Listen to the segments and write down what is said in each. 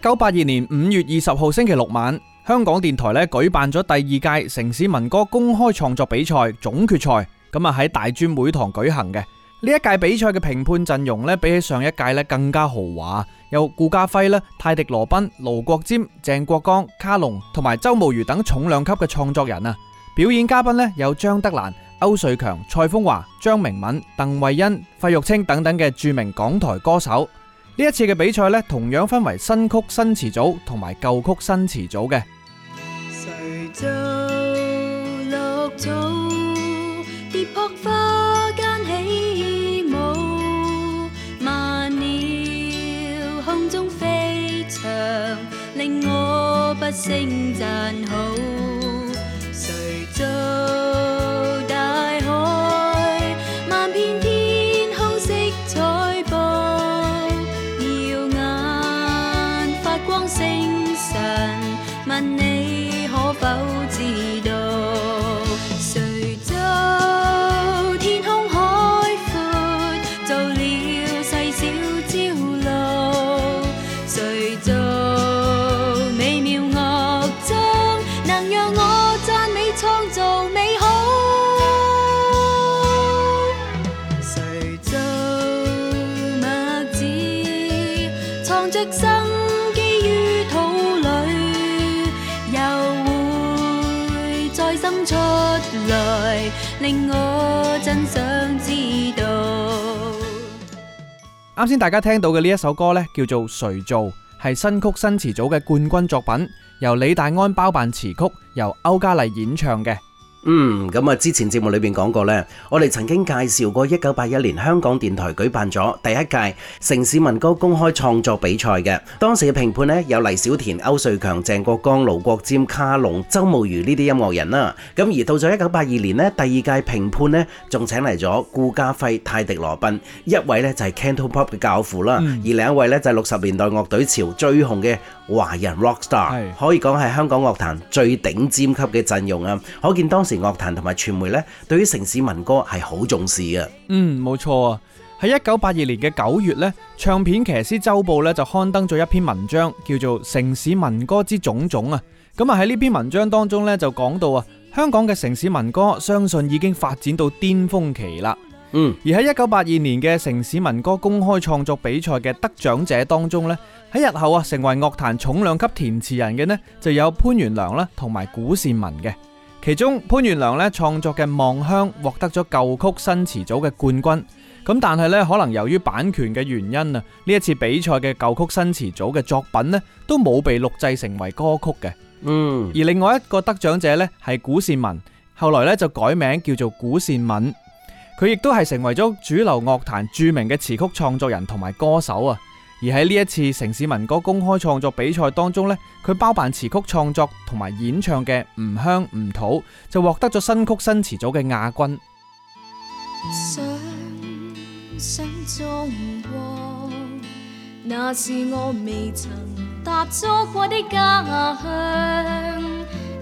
一九八二年五月二十號星期六晚，香港電台咧舉辦咗第二屆城市民歌公開創作比賽總決賽，咁啊喺大專會堂舉行嘅。呢一屆比賽嘅評判陣容咧比起上一屆咧更加豪華，有顧嘉煇啦、泰迪羅賓、盧國沾、鄭國江、卡龍同埋周慕瑜等重量級嘅創作人啊。表演嘉賓咧有張德蘭、區瑞強、蔡楓華、張明敏、鄧惠欣、費玉清等等嘅著名港台歌手。呢一次嘅比賽同樣分為新曲新詞組同埋舊曲新詞組嘅。綠草跌撲花間啱先大家聽到嘅呢一首歌呢，叫做《誰造》，係新曲新詞組嘅冠軍作品，由李大安包辦詞曲，由歐嘉麗演唱嘅。嗯，咁啊，之前節目裏面講過呢，我哋曾經介紹過一九八一年香港電台舉辦咗第一屆城市民歌公開創作比賽嘅，當時嘅評判呢，有黎小田、歐瑞強、鄭國江、盧國沾、卡龍、周慕瑜呢啲音樂人啦。咁而到咗一九八二年呢，第二屆評判呢，仲請嚟咗顧嘉輝、泰迪羅賓，一位呢，就係 Cantopop 嘅教父啦，嗯、而另一位呢，就係六十年代樂隊潮最紅嘅，華人 rockstar，可以講係香港樂壇最頂尖級嘅陣容啊！可見當時樂壇同埋傳媒咧，對於城市民歌係好重視嘅。嗯，冇錯啊！喺一九八二年嘅九月咧，唱片騎師周報咧就刊登咗一篇文章，叫做《城市民歌之種種》啊！咁啊喺呢篇文章當中咧就講到啊，香港嘅城市民歌相信已經發展到巔峰期啦。嗯，而喺一九八二年嘅城市民歌公開創作比賽嘅得獎者當中呢喺日後啊成為樂壇重量級填詞人嘅呢，就有潘元良啦同埋古倩雯嘅。其中潘元良咧創作嘅《望鄉》獲得咗舊曲新詞組嘅冠軍。咁但係呢，可能由於版權嘅原因啊，呢一次比賽嘅舊曲新詞組嘅作品呢，都冇被錄製成為歌曲嘅。嗯，而另外一個得獎者呢，係古倩雯，後來呢就改名叫做古倩敏。佢亦都係成為咗主流樂壇著名嘅詞曲創作人同埋歌手啊！而喺呢一次城市民歌公開創作比賽當中呢，佢包辦詞曲創作同埋演唱嘅《吾鄉吾土》就獲得咗新曲新詞組嘅亞軍想。想想做過，那是我未曾踏足過的家鄉，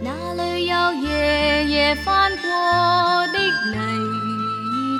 那裡有夜夜翻過的泥。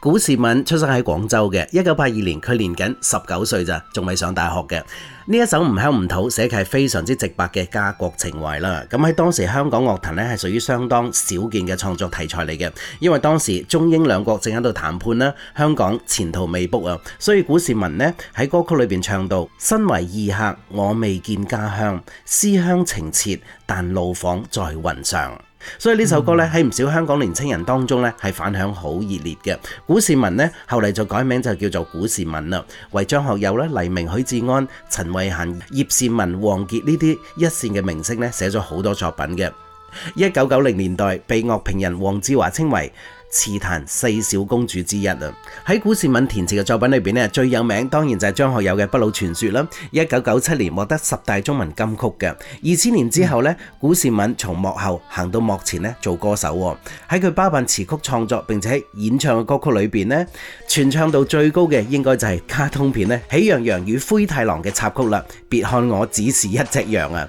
古倩雯出生喺廣州嘅，一九八二年佢年僅十九歲咋，仲未上大學嘅。呢一首吾鄉吾土，寫嘅係非常之直白嘅家國情懷啦。噉喺當時香港樂壇呢係屬於相當少見嘅創作題材嚟嘅，因為當時中英兩國正喺度談判啦，香港前途未卜啊。所以古倩雯喺歌曲裏邊唱到：身為異客，我未見家鄉，思鄉情切，但怒放在雲上。所以呢首歌咧喺唔少香港年青人當中咧係反響好熱烈嘅。古倩雯咧後嚟就改名就叫做古倩敏啦，為張學友、黎明、許志安、陳慧嫻、葉倩文、王傑呢啲一線嘅明星咧寫咗好多作品嘅。一九九零年代被樂評人黃志華稱為。詞壇四小公主之一啊！喺古倩敏填詞嘅作品裏邊咧，最有名當然就係張學友嘅《不老傳說》啦。一九九七年獲得十大中文金曲嘅。二千年之後咧，古倩敏從幕後行到幕前咧做歌手。喺佢包辦詞曲創作並且演唱嘅歌曲裏邊咧，傳唱度最高嘅應該就係卡通片咧《喜羊羊與灰太狼》嘅插曲啦。別看我只是一隻羊啊！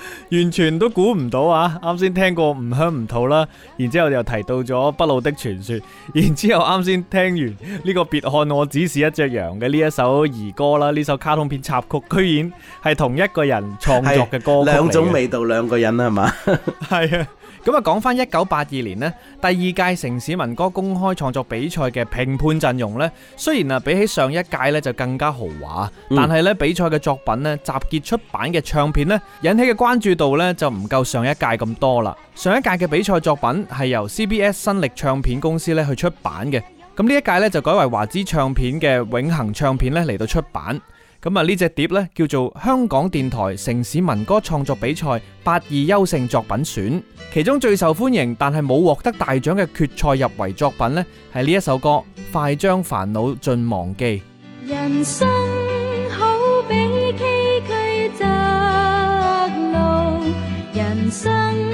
完全都估唔到啊！啱先聽過吾鄉吾土啦，然之後又提到咗《不老的傳說》，然之後啱先聽完呢個別看我只是一隻羊嘅呢一首兒歌啦，呢首卡通片插曲居然係同一個人創作嘅歌曲，兩種味道，兩個人 啊，係嘛？係啊。咁啊，講翻一九八二年呢，第二屆城市民歌公開創作比賽嘅評判陣容呢，雖然啊比起上一屆呢就更加豪華，嗯、但係呢比賽嘅作品呢，集結出版嘅唱片呢引起嘅關注度呢，就唔夠上一屆咁多啦。上一屆嘅比賽作品係由 CBS 新力唱片公司咧去出版嘅，咁呢一屆呢，就改為華資唱片嘅永恒唱片呢嚟到出版。咁啊！呢隻碟呢，叫做《香港電台城市民歌創作比賽八二優勝作品選》，其中最受歡迎但係冇獲得大獎嘅決賽入圍作品呢，係呢一首歌《快將煩惱盡忘記》。人生好比崎嶇窄路，人生。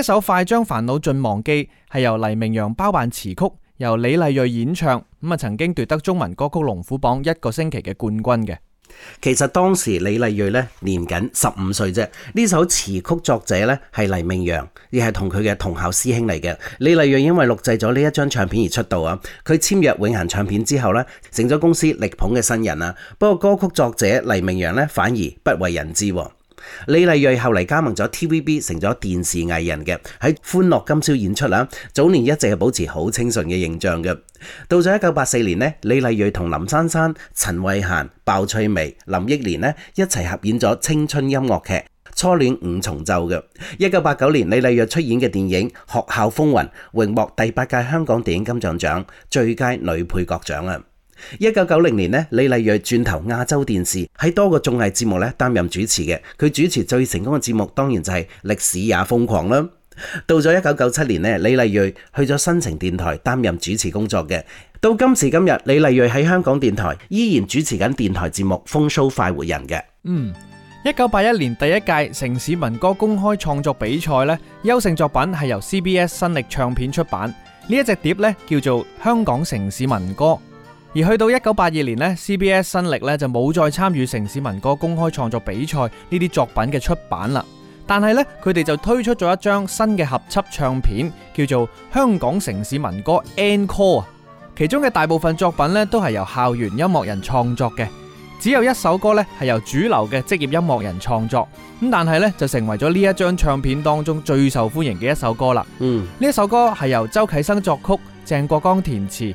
一首《快將煩惱盡忘記》係由黎明陽包辦詞曲，由李麗蕊演唱。咁啊，曾經奪得中文歌曲龍虎榜一個星期嘅冠軍嘅。其實當時李麗蕊咧年僅十五歲啫。呢首詞曲作者咧係黎明陽，亦係同佢嘅同校師兄嚟嘅。李麗蕊因為錄製咗呢一張唱片而出道啊。佢簽約永恆唱片之後咧，成咗公司力捧嘅新人啊。不過歌曲作者黎明陽咧反而不為人知。李麗蕊後嚟加盟咗 TVB，成咗電視藝人嘅，喺歡樂今宵演出啦。早年一直係保持好清純嘅形象嘅。到咗一九八四年呢，李麗蕊同林珊珊、陳慧嫻、鮑翠薇、林憶蓮呢，一齊合演咗青春音樂劇《初戀五重奏》嘅。一九八九年，李麗蕊出演嘅電影《學校風雲》榮獲第八屆香港電影金像獎最佳女配角獎。一九九零年咧，李麗蕊轉投亞洲電視，喺多個綜藝節目咧擔任主持嘅。佢主持最成功嘅節目當然就係《歷史也瘋狂》啦。到咗一九九七年咧，李麗蕊去咗新城電台擔任主持工作嘅。到今時今日，李麗蕊喺香港電台依然主持緊電台節目《風騷快活人》嘅。嗯，一九八一年第一屆城市民歌公開創作比賽咧，優勝作品係由 CBS 新力唱片出版呢一隻碟咧，叫做《香港城市民歌》。而去到一九八二年呢 CBS 新力咧，就冇再參與城市民歌公開創作比賽呢啲作品嘅出版啦。但係呢，佢哋就推出咗一張新嘅合輯唱片，叫做《香港城市民歌 Encore》啊。其中嘅大部分作品呢，都係由校園音樂人創作嘅，只有一首歌呢係由主流嘅職業音樂人創作。咁但係呢，就成為咗呢一張唱片當中最受歡迎嘅一首歌啦。嗯，呢一首歌係由周啓生作曲，鄭國江填詞。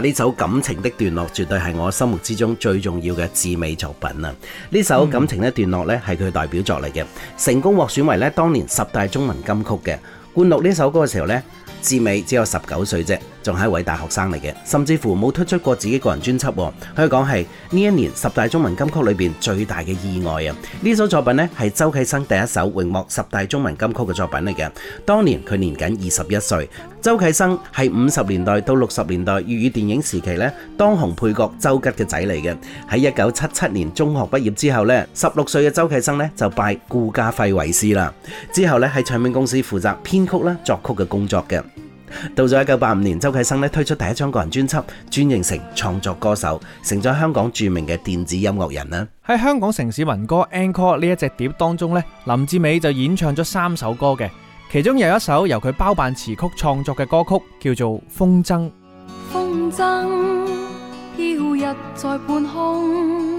呢首感情的段落，絕對係我心目之中最重要嘅志美作品啊！呢首感情的段落是係佢代表作嚟嘅，成功獲選為當年十大中文金曲嘅。灌錄呢首歌嘅時候呢，志美只有十九歲啫。仲係一位大學生嚟嘅，甚至乎冇推出過自己個人專輯，可以講係呢一年十大中文金曲裏邊最大嘅意外啊！呢首作品呢，係周啟生第一首榮獲十大中文金曲嘅作品嚟嘅，當年佢年僅二十一歲。周啟生係五十年代到六十年代粵語電影時期呢，當紅配角周吉嘅仔嚟嘅。喺一九七七年中學畢業之後呢，十六歲嘅周啟生呢，就拜顧嘉煇為師啦。之後呢，喺唱片公司負責編曲啦、作曲嘅工作嘅。到咗一九八五年，周啟生咧推出第一張個人專輯，轉型成創作歌手，成咗香港著名嘅電子音樂人啦。喺香港城市民歌《Encore》呢一隻碟當中咧，林志美就演唱咗三首歌嘅，其中有一首由佢包辦詞曲創作嘅歌曲，叫做《風箏》。風箏飄逸在半空，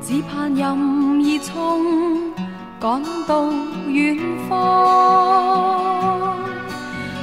只盼任意衝，趕到遠方。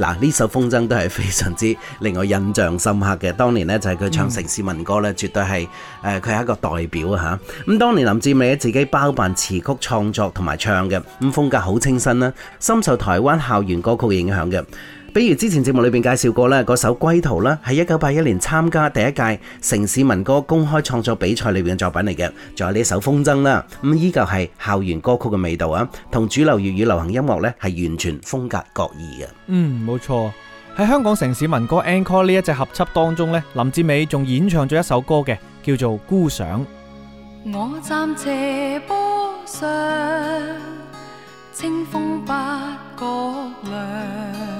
嗱，呢首風箏都係非常之令我印象深刻嘅。當年呢，就係佢唱城市民歌呢，絕對係誒，佢係一個代表嚇。咁當年林志美自己包辦詞曲創作同埋唱嘅，咁風格好清新啦，深受台灣校園歌曲影響嘅。比如之前節目裏邊介紹過啦，嗰首《歸途》啦，係一九八一年參加第一屆城市民歌公開創作比賽裏邊嘅作品嚟嘅，仲有呢首《風箏》啦，咁依舊係校園歌曲嘅味道啊，同主流粵語流行音樂呢係完全風格各異嘅。嗯，冇錯，喺香港城市民歌 Encore 呢一隻合輯當中呢，林志美仲演唱咗一首歌嘅，叫做《孤想》。我站斜坡上，清風不覺涼。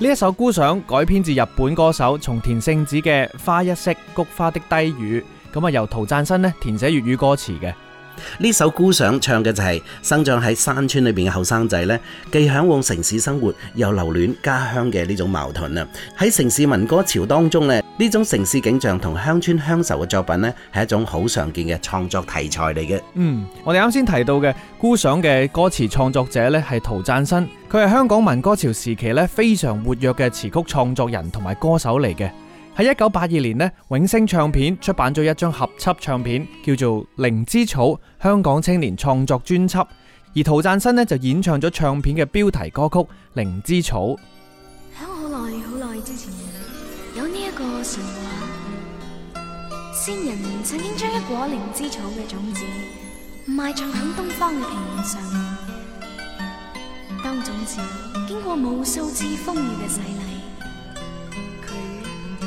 呢一首《孤想》改編自日本歌手松田聖子嘅《花一色》，菊花的低語，咁啊由陶贊新呢填寫粵語歌詞嘅。呢首《孤想》唱嘅就係生長喺山村裏邊嘅後生仔咧，既向往城市生活，又留戀家鄉嘅呢種矛盾啊！喺城市民歌潮當中咧，呢種城市景象同鄉村鄉愁嘅作品咧，係一種好常見嘅創作題材嚟嘅。嗯，我哋啱先提到嘅《孤想》嘅歌詞創作者咧係陶贊新，佢係香港民歌潮時期咧非常活躍嘅詞曲創作人同埋歌手嚟嘅。喺一九八二年呢，永星唱片出版咗一張合輯唱片，叫做《靈芝草香港青年創作專輯》，而陶贊新呢，就演唱咗唱片嘅標題歌曲《靈芝草》。喺好耐好耐之前，有呢一個神話，仙人曾經將一果靈芝草嘅種子埋藏喺東方嘅平原上，當種子經過無數次風雨嘅洗禮，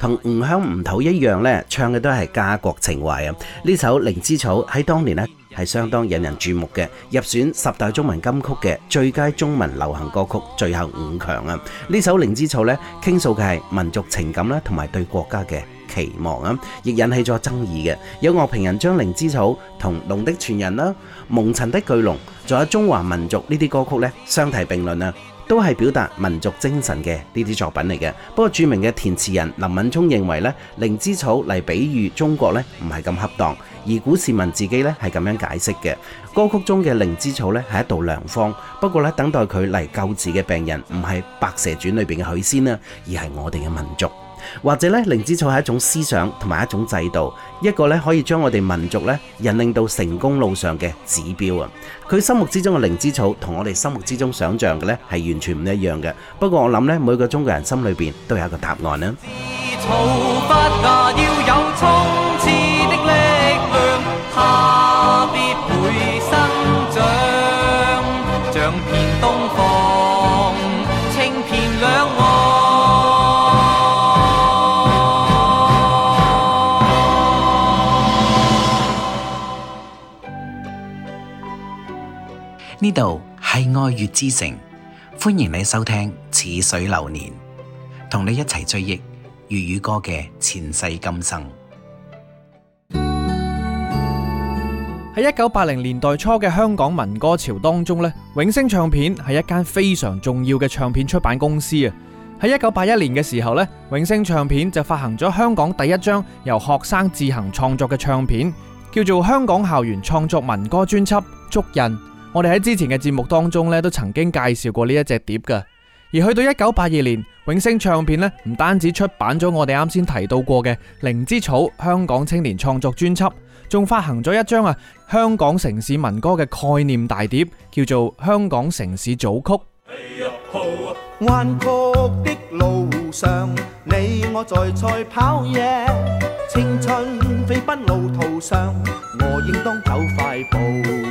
同吾鄉吾土一樣咧，唱嘅都係家國情懷啊！呢首《靈芝草》喺當年咧係相當引人注目嘅，入選十大中文金曲嘅最佳中文流行歌曲最後五強啊！呢首《靈芝草》咧傾訴嘅係民族情感啦，同埋對國家嘅期望啊，亦引起咗爭議嘅，有樂評人將《靈芝草》同《龍的傳人》啦，《蒙塵的巨龍》，仲有《中華民族》呢啲歌曲咧相提並論啊！都係表達民族精神嘅呢啲作品嚟嘅。不過著名嘅填詞人林敏聰認為呢，靈芝草嚟比喻中國呢唔係咁恰當，而古倩雯自己呢係咁樣解釋嘅，歌曲中嘅靈芝草呢係一道良方。不過呢，等待佢嚟救治嘅病人唔係白蛇傳裏邊嘅許仙啊，而係我哋嘅民族。或者咧，靈芝草係一種思想同埋一種制度，一個咧可以將我哋民族咧引領到成功路上嘅指標啊！佢心目之中嘅靈芝草同我哋心目之中想象嘅咧係完全唔一樣嘅。不過我諗咧，每個中國人心裏邊都有一個答案呢。愛粵之城，歡迎你收聽《似水流年》，同你一齊追憶粵語歌嘅前世今生。喺一九八零年代初嘅香港民歌潮當中咧，永星唱片係一間非常重要嘅唱片出版公司啊。喺一九八一年嘅時候咧，永星唱片就發行咗香港第一張由學生自行創作嘅唱片，叫做《香港校園創作民歌專輯》竹人、足印。我哋喺之前嘅節目當中呢，都曾經介紹過呢一隻碟嘅。而去到一九八二年，永星唱片呢，唔單止出版咗我哋啱先提到過嘅《靈芝草》香港青年創作專輯，仲發行咗一張啊，香港城市民歌嘅概念大碟，叫做《香港城市組曲》。彎曲的路上，你我在賽跑夜，青春飛奔路途上，我應當走快步。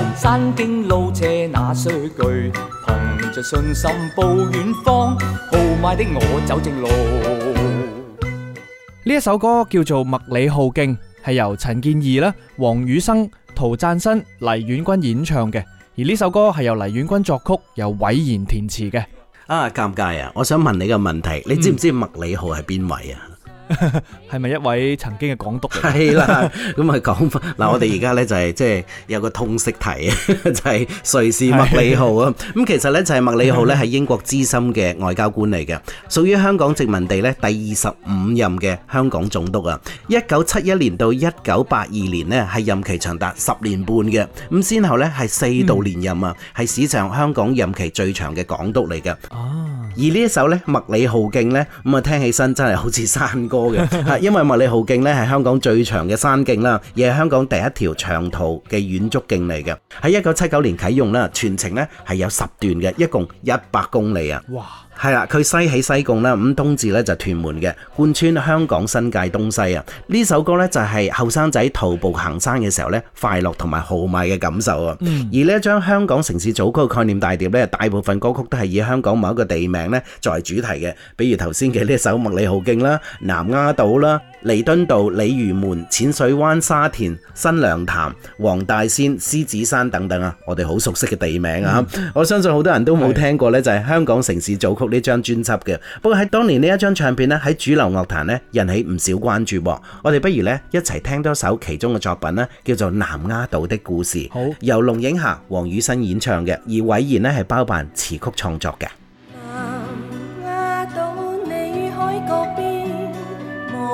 山徑路斜那詩句，憑着信心步遠方，豪邁的我走正路。呢一首歌叫做《麥理浩徑》，係由陳建義啦、黃雨生、陶贊新、黎沅君演唱嘅。而呢首歌係由黎沅君作曲，由韋然填詞嘅。啊，尷尬啊！我想問你個問題，你知唔知麥理浩係邊位啊？嗯係咪一位曾經嘅港督嚟？係啦，咁啊講嗱，我哋而家咧就係即係有個通識題，就係誰是麥理浩啊。咁其實咧就係麥理浩咧係英國資深嘅外交官嚟嘅，屬於香港殖民地咧第二十五任嘅香港總督啊。一九七一年到一九八二年咧，係任期長達十年半嘅。咁先後咧係四度連任啊，係史上香港任期最長嘅港督嚟嘅。哦。而呢一首咧麥理浩徑咧，咁啊聽起身真係好似山歌。 因為麥理浩徑咧係香港最長嘅山徑啦，而係香港第一條長途嘅遠足徑嚟嘅。喺一九七九年啟用啦，全程咧係有十段嘅，一共一百公里啊。係啦，佢西起西貢啦，咁東至咧就屯門嘅，貫穿香港新界東西啊！呢首歌咧就係後生仔徒步行山嘅時候咧，快樂同埋豪邁嘅感受啊！嗯、而呢一張《香港城市組曲》概念大碟咧，大部分歌曲都係以香港某一個地名咧作為主題嘅，比如頭先嘅呢首《麥理浩徑》啦，《南丫島》啦。彌敦道、鯉魚門、淺水灣、沙田、新娘潭、黃大仙、獅子山等等啊，我哋好熟悉嘅地名啊！我相信好多人都冇聽過咧，就係《香港城市組曲》呢張專輯嘅。不過喺當年呢一張唱片咧，喺主流樂壇咧引起唔少關注。我哋不如咧一齊聽多首其中嘅作品呢，叫做《南丫島的故事》，由龍，由龍影霞、黃汝燊演唱嘅，而韋然呢係包辦詞曲創作嘅。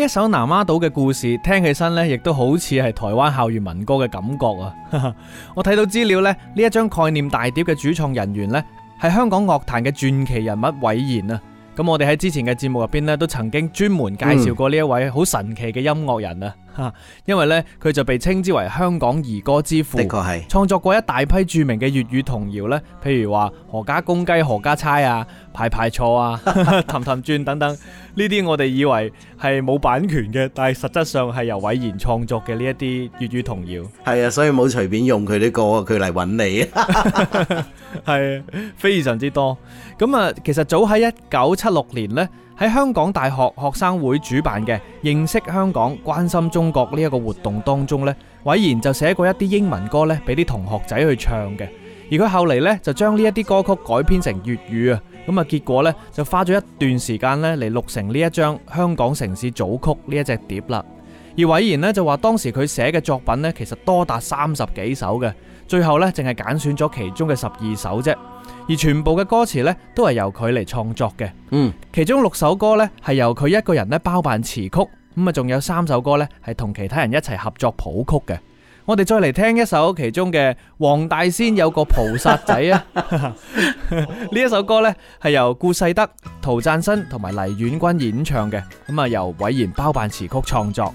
呢一首南丫島嘅故事，聽起身咧，亦都好似係台灣校園民歌嘅感覺啊！ 我睇到資料咧，呢一張概念大碟嘅主創人員咧，係香港樂壇嘅傳奇人物韋然啊！咁我哋喺之前嘅節目入邊咧，都曾經專門介紹過呢一位好神奇嘅音樂人啊！嗯吓、啊，因為咧，佢就被稱之為香港兒歌之父，的確係創作過一大批著名嘅粵語童謠咧，譬如話何家公雞何家猜啊，排排坐啊，氹氹轉等等，呢啲我哋以為係冇版權嘅，但係實質上係由韋然創作嘅呢一啲粵語童謠，係啊，所以冇隨便用佢啲歌佢嚟揾你，係 非常之多。咁啊，其實早喺一九七六年呢。喺香港大學學生會主辦嘅認識香港、關心中國呢一個活動當中呢，韋然就寫過一啲英文歌呢，俾啲同學仔去唱嘅。而佢後嚟呢，就將呢一啲歌曲改編成粵語啊，咁啊結果呢，就花咗一段時間呢嚟錄成呢一張《香港城市組曲》呢一隻碟啦。而韋然呢，就話當時佢寫嘅作品呢，其實多達三十幾首嘅，最後呢，淨係揀選咗其中嘅十二首啫。而全部嘅歌詞咧都係由佢嚟創作嘅，嗯，其中六首歌咧係由佢一個人咧包辦詞曲，咁啊仲有三首歌咧係同其他人一齊合作譜曲嘅。我哋再嚟聽一首其中嘅《黃大仙有個菩薩仔》啊，呢 一首歌咧係由顧世德、陶贊新同埋黎沅君演唱嘅，咁、嗯、啊由韋然包辦詞曲創作。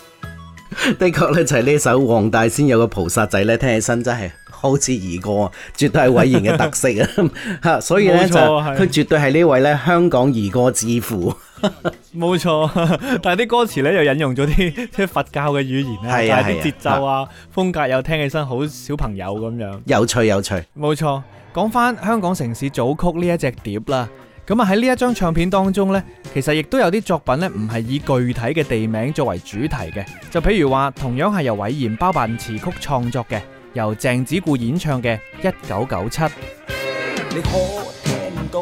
的確咧就係呢首黃大仙有個菩薩仔咧，聽起身真係好似兒歌，絕絕對係韋然嘅特色啊！吓， 所以咧呢錯就係佢絕對係呢位咧香港兒歌之父。冇 錯，但係啲歌詞咧又引用咗啲佛教嘅語言、就是、節啊，但係啲節奏啊風格又聽起身好小朋友咁樣、啊，有趣有趣。冇錯，講翻香港城市組曲呢一隻碟啦。咁啊喺呢一張唱片當中呢，其實亦都有啲作品呢，唔係以具體嘅地名作為主題嘅，就譬如話，同樣係由韋然包辦詞曲創作嘅，由鄭子固演唱嘅《一九九七》。你可聽到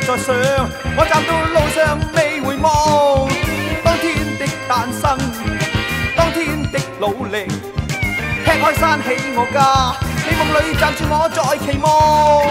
再想，我站到路上未回望，當天的誕生，當天的努力，劈開山起我家，你夢裏站住我，再期望。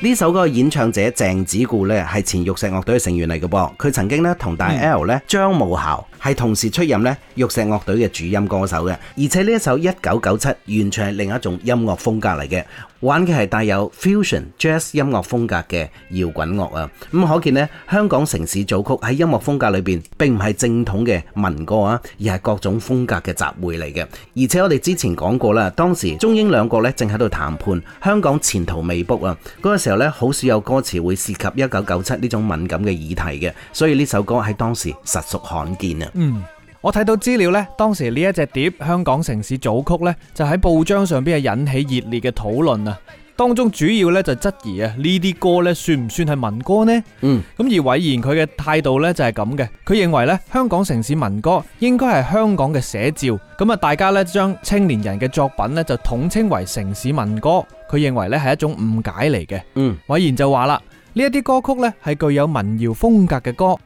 呢首歌嘅演唱者鄭子固呢係前玉石樂隊嘅成員嚟嘅噃，佢曾經呢同大 L 咧張武孝係同時出任呢玉石樂隊嘅主音歌手嘅，而且呢一首一九九七完全係另一種音樂風格嚟嘅。玩嘅係帶有 fusion jazz 音樂風格嘅搖滾樂啊，咁可見呢，香港城市組曲喺音樂風格裏邊，並唔係正統嘅民歌啊，而係各種風格嘅集會嚟嘅。而且我哋之前講過啦，當時中英兩國咧正喺度談判，香港前途未卜啊。嗰個時候咧，好少有歌詞會涉及一九九七呢種敏感嘅議題嘅，所以呢首歌喺當時實屬罕見啊。嗯。我睇到資料呢，當時呢一隻碟《香港城市組曲》呢，就喺報章上面引起熱烈嘅討論啊！當中主要呢，就質疑啊，呢啲歌呢，算唔算係民歌呢？嗯，咁而韋然佢嘅態度呢，就係咁嘅，佢認為呢，香港城市民歌應該係香港嘅寫照，咁啊大家呢，將青年人嘅作品呢，就統稱為城市民歌，佢認為呢，係一種誤解嚟嘅。嗯，韋然就話啦，呢一啲歌曲呢，係具有民謠風格嘅歌。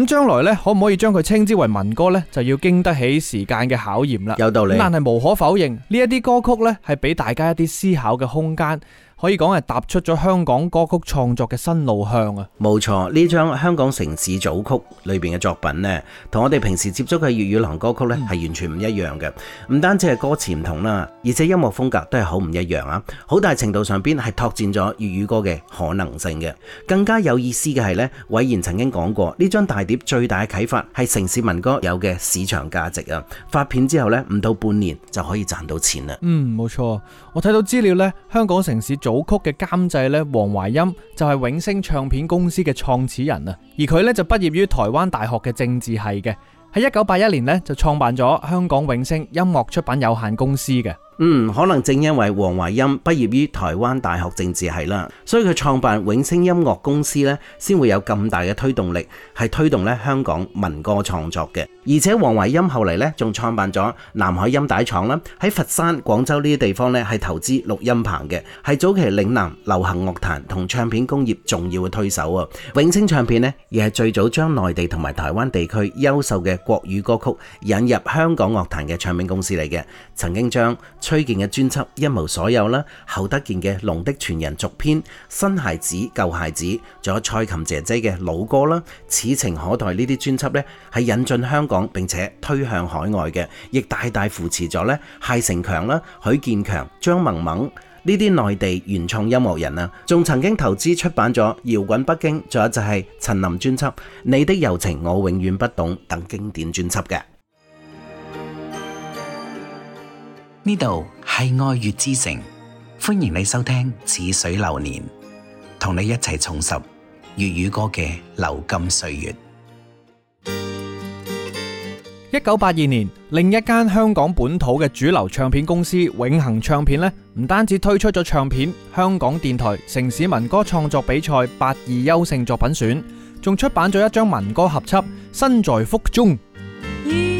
咁將來咧，可唔可以將佢稱之為民歌呢？就要經得起時間嘅考驗啦。有道理。但係無可否認，呢一啲歌曲呢，係俾大家一啲思考嘅空間。可以講係踏出咗香港歌曲創作嘅新路向啊！冇錯，呢張、嗯《香港城市組曲》裏邊嘅作品呢，同我哋平時接觸嘅粵語流行歌曲呢，係完全唔一樣嘅。唔單止係歌詞唔同啦，而且音樂風格都係好唔一樣啊！好大程度上邊係拓展咗粵語歌嘅可能性嘅。更加有意思嘅係呢，韋然曾經講過，呢張大碟最大嘅啟發係城市民歌有嘅市場價值啊！發片之後呢，唔到半年就可以賺到錢啦。嗯，冇錯，我睇到資料呢，香港城市組。組曲嘅監製咧，黃懷欽就係永聲唱片公司嘅創始人啊，而佢咧就畢業於台灣大學嘅政治系嘅，喺一九八一年咧就創辦咗香港永聲音樂出版有限公司嘅。嗯，可能正因為黃懷欽畢業於台灣大學政治系啦，所以佢創辦永聲音樂公司呢，先會有咁大嘅推動力，係推動咧香港民歌創作嘅。而且黃懷欽後嚟呢，仲創辦咗南海音帶廠啦，喺佛山、廣州呢啲地方呢，係投資錄音棚嘅，係早期嶺南流行樂壇同唱片工業重要嘅推手啊。永聲唱片呢，亦係最早將內地同埋台灣地區優秀嘅國語歌曲引入香港樂壇嘅唱片公司嚟嘅，曾經將崔健嘅專輯《一無所有》啦，侯德健嘅《龍的傳人》續篇，《新孩子》《舊孩子》，仲有蔡琴姐姐嘅老歌啦，《此情可待》呢啲專輯呢，係引進香港並且推向海外嘅，亦大大扶持咗呢。謝成強啦、許建強、張萌萌呢啲內地原創音樂人啊，仲曾經投資出版咗搖滾北京，仲有就係陳琳專輯《你的柔情我永遠不懂》等經典專輯嘅。呢度係愛粵之城，歡迎你收聽《似水流年》，同你一齊重拾粵語歌嘅流金歲月。一九八二年，另一間香港本土嘅主流唱片公司永恒唱片呢，唔單止推出咗唱片《香港電台城市民歌創作比賽八二優勝作品選》，仲出版咗一張民歌合輯《身在 Folk 中》。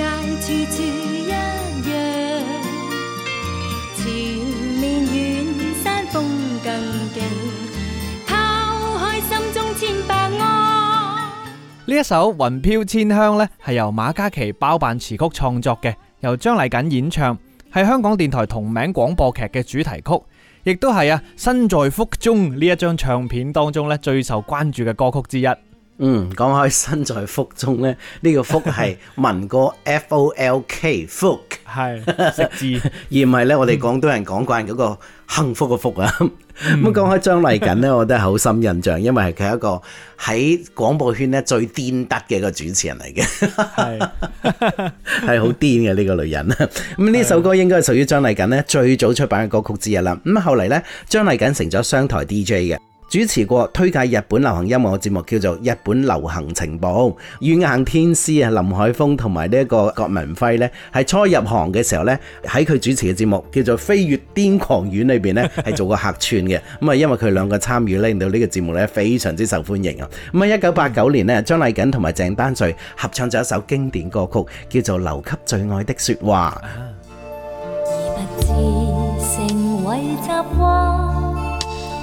處處一樣，前面遠山風更勁，拋開心中千百，呢一首《雲飄千鄉》咧，係由馬嘉祺包辦詞曲創作嘅，由張麗瑾演唱，係香港電台同名廣播劇嘅主題曲也是，亦都係啊《身在 Folk 中》呢一張唱片當中最受關注嘅歌曲之一。嗯，講開身在福中咧，呢、呢個福係民歌 folk 福，係 食字， 而唔係咧我哋廣東人講慣嗰個幸福嘅福啊。咁講開張麗瑾呢 我都係好深印象，因為佢係一個喺廣播圈咧最癲得嘅一個主持人嚟嘅，係係好癲嘅呢個女人啦。咁 呢首歌應該係屬於張麗瑾咧最早出版嘅歌曲之一啦。咁後嚟呢，張麗瑾成咗雙台 DJ 嘅。主持過推介日本流行音樂嘅節目叫做《日本流行情報》，軟硬天師啊，林海峰同埋呢一個葛民輝呢，喺初入行嘅時候呢，喺佢主持嘅節目叫做《飛越癲狂院》裏邊呢，係做過客串嘅。咁啊，因為佢兩個參與令到呢個節目呢非常之受歡迎啊。咁啊，一九八九年呢，張麗瑾同埋鄭丹瑞合唱咗一首經典歌曲，叫做《留給最愛的説話》。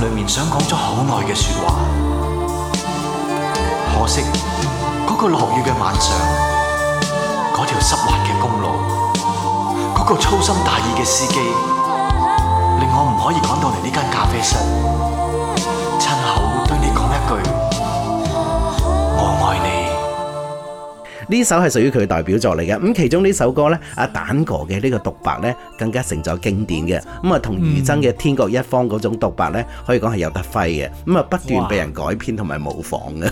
裏面想講咗好耐嘅說話，可惜嗰個落雨嘅晚上，嗰條濕滑嘅公路，嗰個粗心大意嘅司機，令我唔可以趕到嚟呢間咖啡室，親口對你講一句。呢首係屬於佢嘅代表作嚟嘅，咁其中呢首歌呢，阿蛋哥嘅呢個獨白呢，更加成咗經典嘅，咁啊同俞琤嘅《天各一方》嗰種獨白呢，可以講係有得揮嘅，咁啊不斷俾人改編同埋模仿嘅，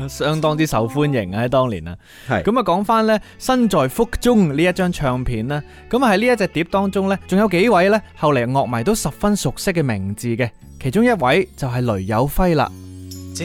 哇 相當之受歡迎啊喺當年啊，係咁啊講翻呢，身在福中呢一張唱片啦，咁啊喺呢一隻碟當中呢，仲有幾位呢，後嚟樂迷都十分熟悉嘅名字嘅，其中一位就係雷有輝啦。這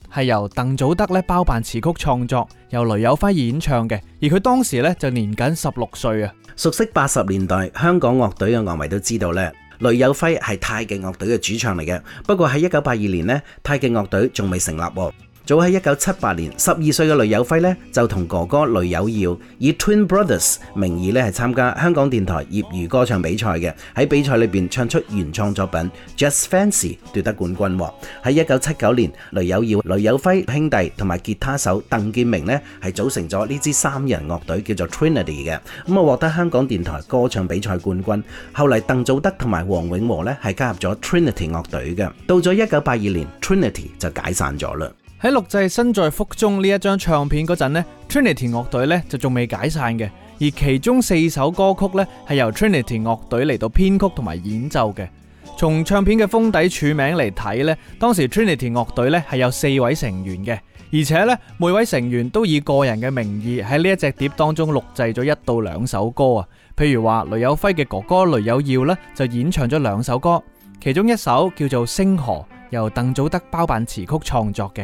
係由鄧祖德咧包辦詞曲創作，由雷有輝演唱嘅。而佢當時咧就年僅十六歲啊！熟悉八十年代香港樂隊嘅樂迷都知道咧，雷有輝係太極樂隊嘅主唱嚟嘅。不過喺一九八二年咧，太極樂隊仲未成立。早喺一九七八年，十二歲嘅雷有輝呢，就同哥哥雷有曜以 Twin Brothers 名義咧係參加香港電台業餘歌唱比賽嘅，喺比賽裏面唱出原創作品《Just Fancy》奪得冠軍喎。喺一九七九年，雷有曜、雷有輝兄弟同埋吉他手鄧建明呢，係組成咗呢支三人樂隊叫做 Trinity 嘅，咁啊，獲得香港電台歌唱比賽冠軍。後嚟鄧祖德同埋王永和呢，係加入咗 Trinity 樂隊嘅。到咗一九八二年，Trinity 就解散咗啦。喺錄製身在福中呢一張唱片嗰陣呢 t r i n i t y 樂隊呢就仲未解散嘅。而其中四首歌曲呢，係由 Trinity 樂隊嚟到編曲同埋演奏嘅。從唱片嘅封底署名嚟睇呢，當時 Trinity 樂隊呢係有四位成員嘅，而且呢，每位成員都以個人嘅名義喺呢一隻碟當中錄製咗一到兩首歌啊。譬如話雷友輝嘅哥哥雷友耀呢，就演唱咗兩首歌，其中一首叫做《星河》，由鄧祖德包辦詞曲創作嘅。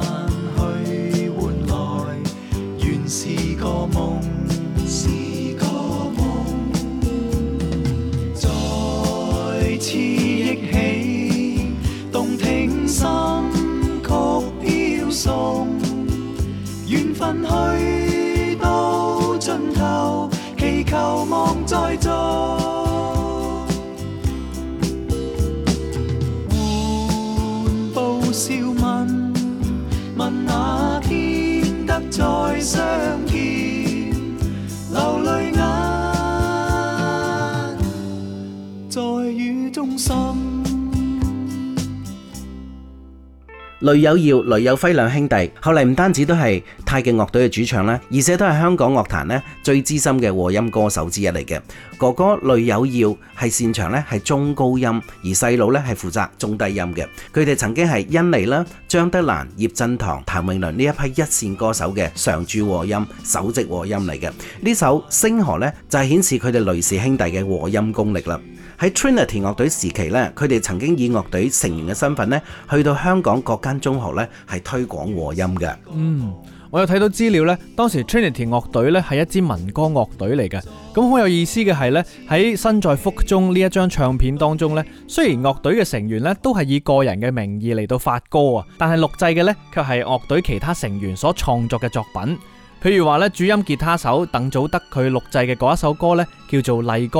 雷有曜、雷有輝兩兄弟，後嚟唔單止都係太極樂隊嘅主唱啦，而且都係香港樂壇咧最資深嘅和音歌手之一嚟嘅。哥哥雷有曜係擅長呢係中高音，而細佬呢係負責中低音嘅。佢哋曾經係甄妮、啦、張德蘭、葉振棠、譚詠麟呢一批一線歌手嘅常駐和音、首席和音嚟嘅。呢首《星河》呢，就係、是、顯示佢哋雷氏兄弟嘅和音功力啦。喺 Trinity 樂隊時期咧，佢哋曾經以樂隊成員嘅身份咧，去到香港各間中學咧，係推廣和音嘅。嗯，我有睇到資料咧，當時 Trinity 樂隊咧係一支民歌樂隊嚟嘅。咁好有意思嘅係咧，喺身在 Folk 中呢一張唱片當中咧，雖然樂隊嘅成員咧都係以個人嘅名義嚟到發歌啊，但係錄製嘅咧卻係樂隊其他成員所創作嘅作品。譬如話咧，主音吉他手鄧祖德佢錄製嘅嗰一首歌咧，叫做《驪歌》。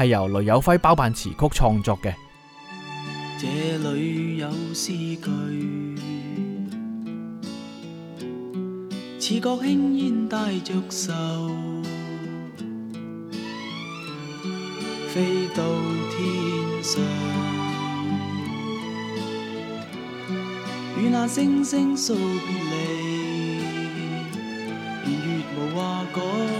係由雷有輝包辦詞曲創作嘅。這裏有詩句，似覺輕煙帶着愁，飛到天上，與那星星訴別離，圓月無話講。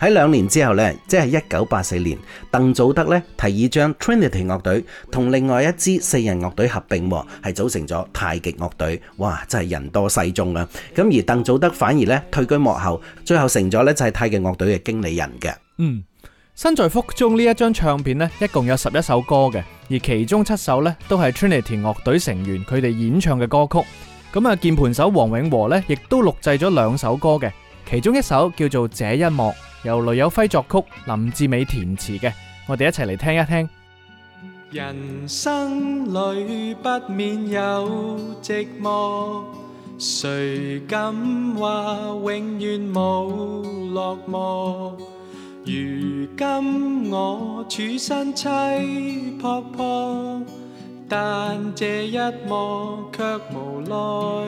喺兩年之後咧，即係一九八四年，鄧祖德咧提議將 Trinity 樂隊同另外一支四人樂隊合併，係組成咗太極樂隊。哇！真係人多勢眾啊！咁而鄧祖德反而咧退居幕後，最後成咗咧就係太極樂隊嘅經理人嘅。嗯，身在福中身在 Folk 中呢一張唱片咧，一共有十一首歌嘅，而其中七首咧都係 Trinity 樂隊成員佢哋演唱嘅歌曲。咁啊，鍵盤手王永和咧亦都錄製咗兩首歌嘅，其中一首叫做《這一幕》。由雷有輝作曲、林志美填詞嘅，我哋一齊嚟聽一聽。人生裏不免有寂寞，誰敢話永遠冇落寞？如今我處身凄迫迫，但這一幕卻無奈。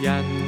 人。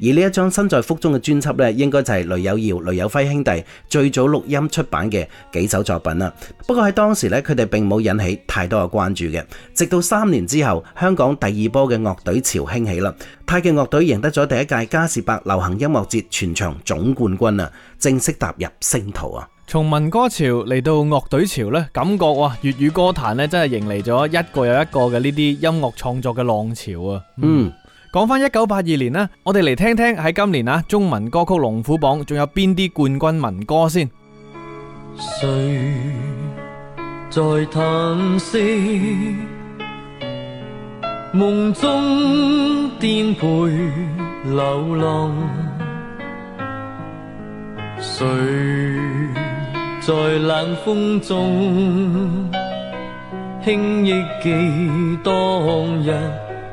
而呢一張身在 Folk 中嘅專輯呢，應該就係雷有曜、雷有輝兄弟最早錄音出版嘅幾首作品啦。不過喺當時呢，佢哋並冇引起太多嘅關注嘅。直到三年之後，香港第二波嘅樂隊潮興起啦，太極樂隊贏得咗第一屆加士伯流行音樂節全場總冠軍啊，正式踏入星途啊。從民歌潮嚟到樂隊潮呢，感覺哇，粵語歌壇呢，真係迎嚟咗一個又一個嘅呢啲音樂創作嘅浪潮啊。嗯。講返一九八二年啦，我哋嚟聽聽喺今年啊，中文歌曲龍虎榜仲有邊啲冠軍民歌先。誰在嘆息？夢中顛沛流浪，誰在冷風中輕易記當日？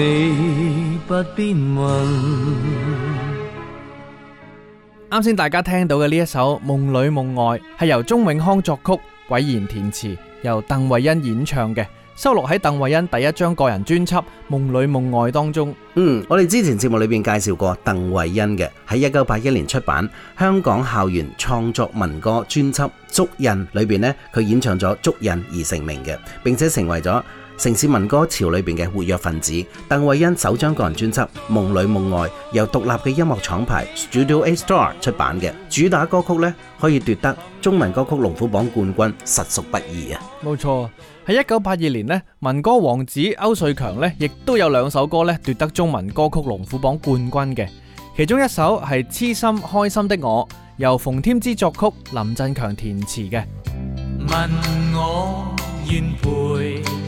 你不必問。啱先大家聽到嘅呢一首《夢裏夢外》，係由鍾永康作曲、偉賢填詞，由鄧惠欣演唱嘅，收錄喺鄧惠欣第一張個人專輯《夢裏夢外》當中。嗯，我哋之前節目裏邊介紹過鄧惠欣嘅，喺一九八一年出版《香港校園創作民歌專輯》竹《足印》裏邊呢佢演唱咗《足印》而成名嘅，並且成為咗城市民歌潮裏邊嘅活躍分子。鄧惠欣首張個人專輯《夢裏夢外》由獨立嘅音樂廠牌 Studio A Star 出版嘅，主打歌曲呢可以奪得中文歌曲龍虎榜冠軍，實屬不易啊！冇錯，喺一九八二年呢，民歌王子區瑞強呢亦都有兩首歌咧奪得中文歌曲龍虎榜冠軍嘅，其中一首係《痴心開心的我》，由馮添枝作曲、林振強填詞嘅。問我願陪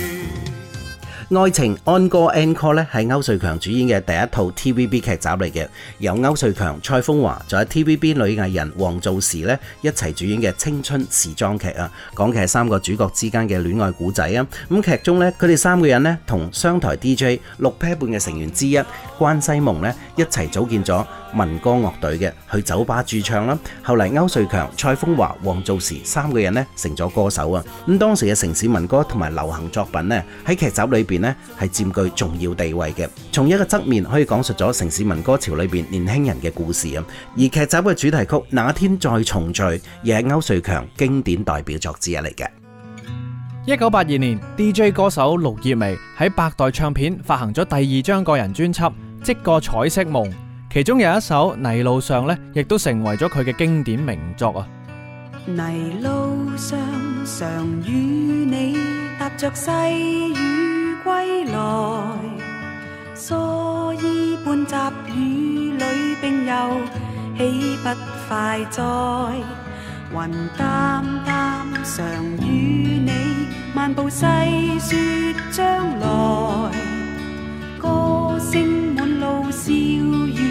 愛情安歌 Encore 咧係區瑞強主演嘅第一套 TVB 劇集嚟嘅，由區瑞強、蔡楓華仲有 TVB 女藝人黃造時咧一齊主演嘅青春時裝劇啊，講嘅係三個主角之間嘅戀愛古仔啊，咁劇中呢，佢哋三個人呢，同商台 DJ 六 pair 半嘅成員之一關西蒙呢，一齊組建咗。民歌樂隊嘅去酒吧駐唱啦。後嚟，歐瑞強、蔡峰華、黃造時三個人呢，成咗歌手啊。咁當時嘅城市民歌同埋流行作品呢，喺劇集裏邊呢係佔據重要地位嘅。從一個側面可以講述咗城市民歌潮裏邊年輕人嘅故事啊。而劇集嘅主題曲《那天再重聚》亦係歐瑞強經典代表作之一嚟嘅。一九八二年，DJ 歌手陸葉薇喺百代唱片發行咗第二張個人專輯《即個彩色夢》。其中有一首《泥路上》咧，亦都成為咗佢嘅經典名作啊！泥路上常與你踏着細雨歸來，蓑衣半襲雨裏並有豈不快哉？雲淡淡常與你漫步細說將來，歌聲滿路笑語。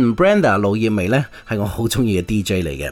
Brenda、er, 盧業瑂呢，係我好中意嘅 DJ 嚟嘅。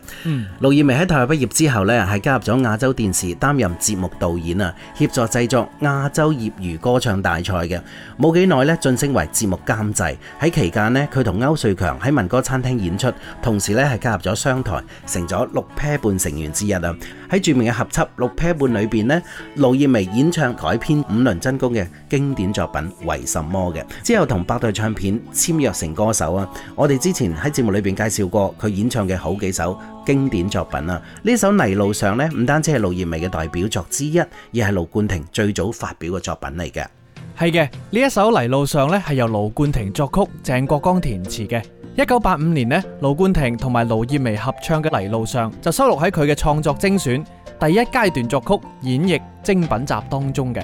盧業瑂喺大學畢業之後呢，係加入咗亞洲電視擔任節目導演啊，協助製作亞洲業餘歌唱大賽嘅。冇幾耐呢晉升為節目監製。喺期間呢，佢同區瑞強喺民歌餐廳演出，同時呢係加入咗商台，成咗六啤半成員之一啊。喺著名嘅合輯《六啤半》裏邊呢，盧業瑂演唱改編五輪真弓嘅經典作品《為什麼》嘅。之後同百代唱片簽約成歌手啊。我哋知。之前喺節目裏邊介紹過佢演唱嘅好幾首經典作品啦。呢首泥路上咧，唔單止係盧業瑂嘅代表作之一，而係盧冠廷最早發表嘅作品嚟嘅。係嘅，呢一首泥路上咧，係由盧冠廷作曲，鄭國江填詞嘅。一九八五年咧，盧冠廷同埋盧業瑂合唱嘅泥路上就收錄喺佢嘅創作精選第一階段作曲演繹精品集當中嘅。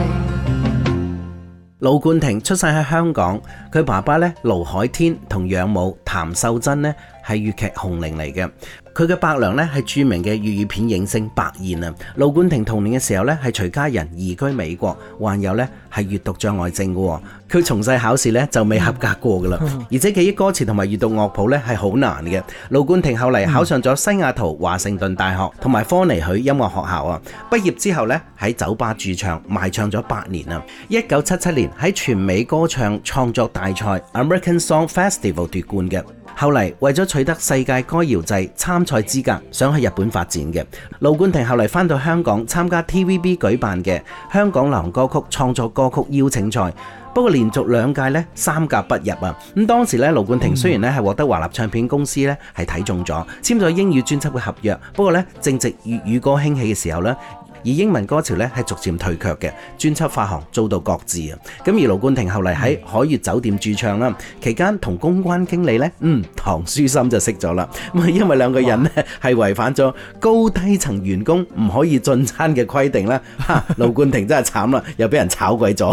盧冠廷出世喺香港，佢爸爸呢，盧海天同養母譚秀珍呢係粵劇紅伶嚟嘅，佢嘅伯娘呢係著名嘅粵語片影星白燕啊。盧冠廷童年嘅時候呢係隨家人移居美國，患有呢係閱讀障礙症嘅。佢從細考試呢就未合格過噶啦，而且記憶歌詞同埋閱讀樂譜呢係好難嘅。盧冠廷後嚟考上咗西雅圖華盛頓大學同埋科尼許音樂學校啊，畢業之後呢，喺酒吧駐唱賣唱咗八年啊。一九七七年喺全美歌唱創作大賽 American Song Festival 奪冠嘅。後嚟為咗取得世界歌謠祭參賽資格，想去日本發展嘅盧冠廷，後嚟翻到香港參加 TVB 舉辦嘅香港流行歌曲創作歌曲邀請賽，不過連續兩屆呢，三甲不入啊！咁當時咧，盧冠廷雖然咧係獲得華納唱片公司咧係睇中咗，簽咗英語專輯嘅合約，不過咧正值粵語歌興起嘅時候咧。而英文歌潮咧係逐漸退卻嘅，專輯發行遭到擱置啊！咁而盧冠廷後嚟喺海悦酒店駐唱啦，期間同公關經理咧，嗯，唐書心就識咗啦。咁因為兩個人呢，係違反咗高低層員工唔可以進餐嘅規定啦，啊，盧冠廷真係慘啦，又俾人炒鬼咗。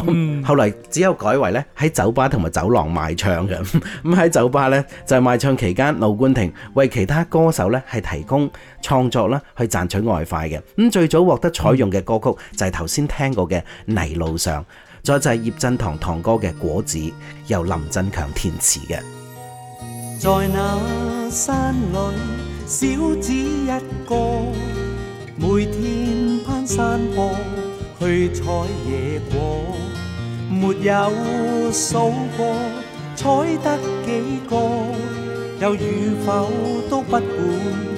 後嚟只有改為咧喺酒吧同埋走廊賣唱嘅。咁喺酒吧咧就係賣唱期間，盧冠廷為其他歌手咧係提供創作啦，去賺取外快嘅。咁最早獲得採用嘅歌曲就係頭先聽過嘅《泥路上》，再就係葉振棠堂堂哥嘅《果子》，由林振強填詞嘅。在那山裏，小子一個，每天攀山坡去採野果，沒有數過，採得幾個，又與否都不管。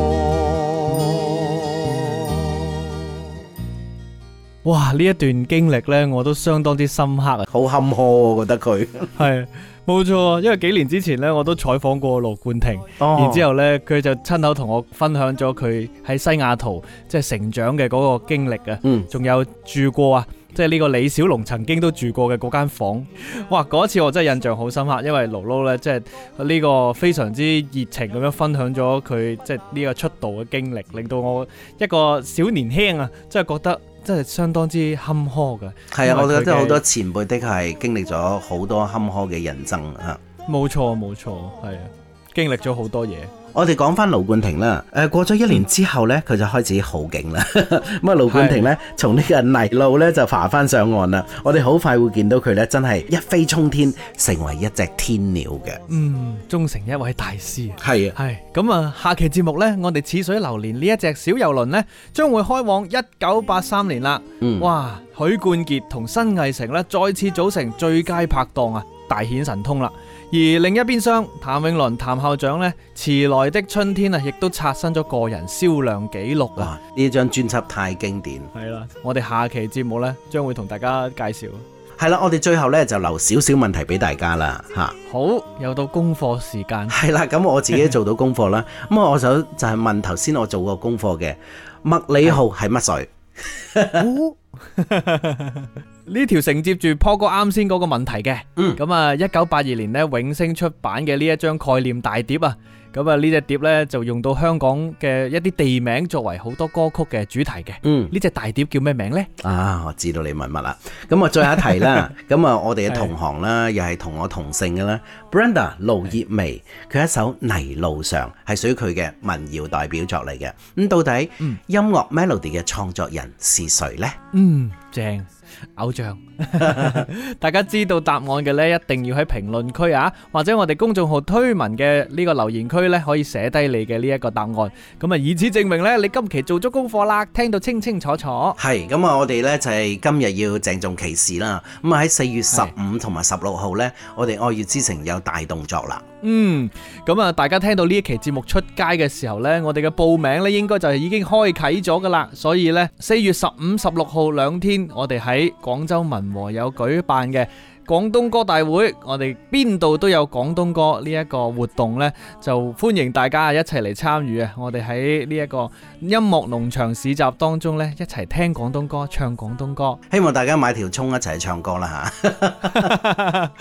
哇！呢一段經歷呢，我都相當之深刻啊，好坎坷，我覺得佢係冇錯，因為幾年之前呢，我都採訪過盧冠廷，哦、然之後呢佢就親口同我分享咗佢喺西雅圖即係、就是、成長嘅嗰個經歷啊，嗯，仲有住過啊。即係呢個李小龍曾經都住過嘅嗰間房，哇！嗰次我真係印象好深刻，因為盧盧呢，即係呢個非常之熱情咁樣分享咗佢即係呢個出道嘅經歷，令到我一個小年輕啊，真係覺得真係相當之坎坷噶。係啊，我覺得真係好多前輩的確係經歷咗好多坎坷嘅人生啊。嗯，冇錯，冇錯，係啊，經歷咗好多嘢。我哋講翻盧冠廷啦，誒，過咗一年之後呢，佢就開始好景啦。咁啊，盧冠廷呢，從呢個泥路呢，就爬翻上岸啦。我哋好快會見到佢呢，真係一飛沖天，成為一隻天鳥嘅。嗯，終成一位大師。係啊的，係。咁啊，下期節目呢，我哋《似水流年》呢一隻小遊輪呢，將會開往一九八三年啦。嗯、哇，許冠傑同新藝城呢，再次組成最佳拍檔啊，大顯神通啦！而另一邊廂，譚詠麟譚校長呢，《遲來的春天》啊，亦都刷新咗個人銷量紀錄啊！呢張專輯太經典。係啦，我哋下期節目呢，將會同大家介紹。係啦，我哋最後呢，就留少少問題俾大家啦，吓。好，又到功課時間。係啦，咁我自己做到功課啦。咁啊，我想就係問頭先我做過功課嘅麥理浩係乜水？呢條承接住 Paul 哥啱先嗰個問題嘅，咁啊、嗯，一九八二年呢永聲出版嘅呢一張概念大碟啊，咁啊呢隻碟呢，就用到香港嘅一啲地名作為好多歌曲嘅主題嘅，呢隻、嗯、大碟叫咩名呢？啊，我知道你問乜啦，咁啊最後一題啦，咁啊 我哋嘅同行啦， 又係同我同姓嘅啦 的，Brenda 盧業瑂，佢的一首坭路上係屬於佢嘅民謠代表作嚟嘅，咁到底音樂 melody 嘅創作人是誰呢？嗯，正。偶像， 大家知道答案嘅呢，一定要喺評論區啊，或者我哋公眾號推文嘅呢個留言區呢，可以寫低你嘅呢一個答案。咁啊，以此證明呢，你今期做足功課啦，聽到清清楚楚。係，咁啊，我哋呢，就係今日要鄭重其事啦。咁啊，喺四月十五同埋十六號呢，我哋愛粵之城有大動作啦。嗯，咁啊，大家聽到呢一期節目出街嘅時候呢，我哋嘅報名咧應該就係已經開啟咗噶啦，所以呢，四月十五、十六號兩天，我哋喺廣州文和友舉辦嘅。廣東歌大會，我哋邊度都有廣東歌呢一個活動呢？就歡迎大家一齊嚟參與啊！我哋喺呢一個音樂農場市集當中呢，一齊聽廣東歌、唱廣東歌。希望大家買條葱一齊唱歌啦嚇！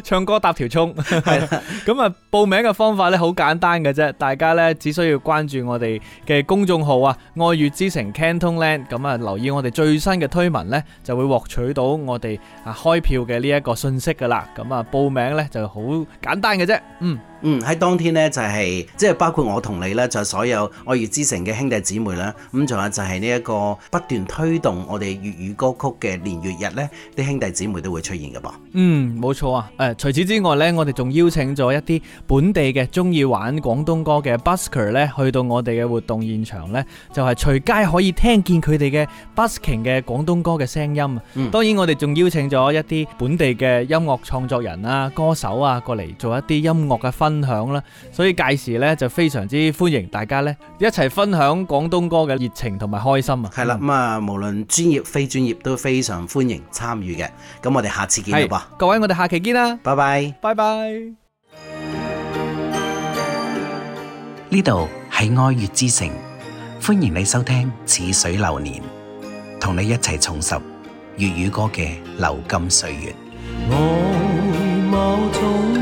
唱歌搭條葱，係咁啊，報名嘅方法呢，好簡單嘅啫，大家呢，只需要關注我哋嘅公眾號啊，愛粵之城 Cantonland，咁啊留意我哋最新嘅推文呢，就會獲取到我哋啊開票嘅呢一個訊息㗎喇，咁啊報名呢就好簡單嘅啫，嗯。嗯，喺當天咧就係、是、即係包括我同你咧，就是、所有愛粵之城嘅兄弟姊妹啦，咁仲有就係呢一個不斷推動我哋粵語歌曲嘅年月日咧，啲兄弟姊妹都會出現嘅噃。嗯，冇錯啊。誒除此之外咧，我哋仲邀請咗一啲本地嘅中意玩廣東歌嘅 busker 咧，去到我哋嘅活動現場咧，就係、是、隨街可以聽見佢哋嘅 busking 嘅廣東歌嘅聲音。嗯、當然，我哋仲邀請咗一啲本地嘅音樂創作人啊、歌手啊，過嚟做一啲音樂嘅分享啦，所以屆時咧就非常之歡迎大家咧一齊分享廣東歌嘅熱情同埋開心啊！係啦了，咁啊、嗯、無論專業非專業都非常歡迎參與嘅。咁我哋下次見啦噃，各位我哋下期見啦，拜拜 bye，拜拜 bye。呢度係愛粵之城，歡迎你收聽《似水流年》，同你一齊重拾粵語歌嘅流金歲月。我冇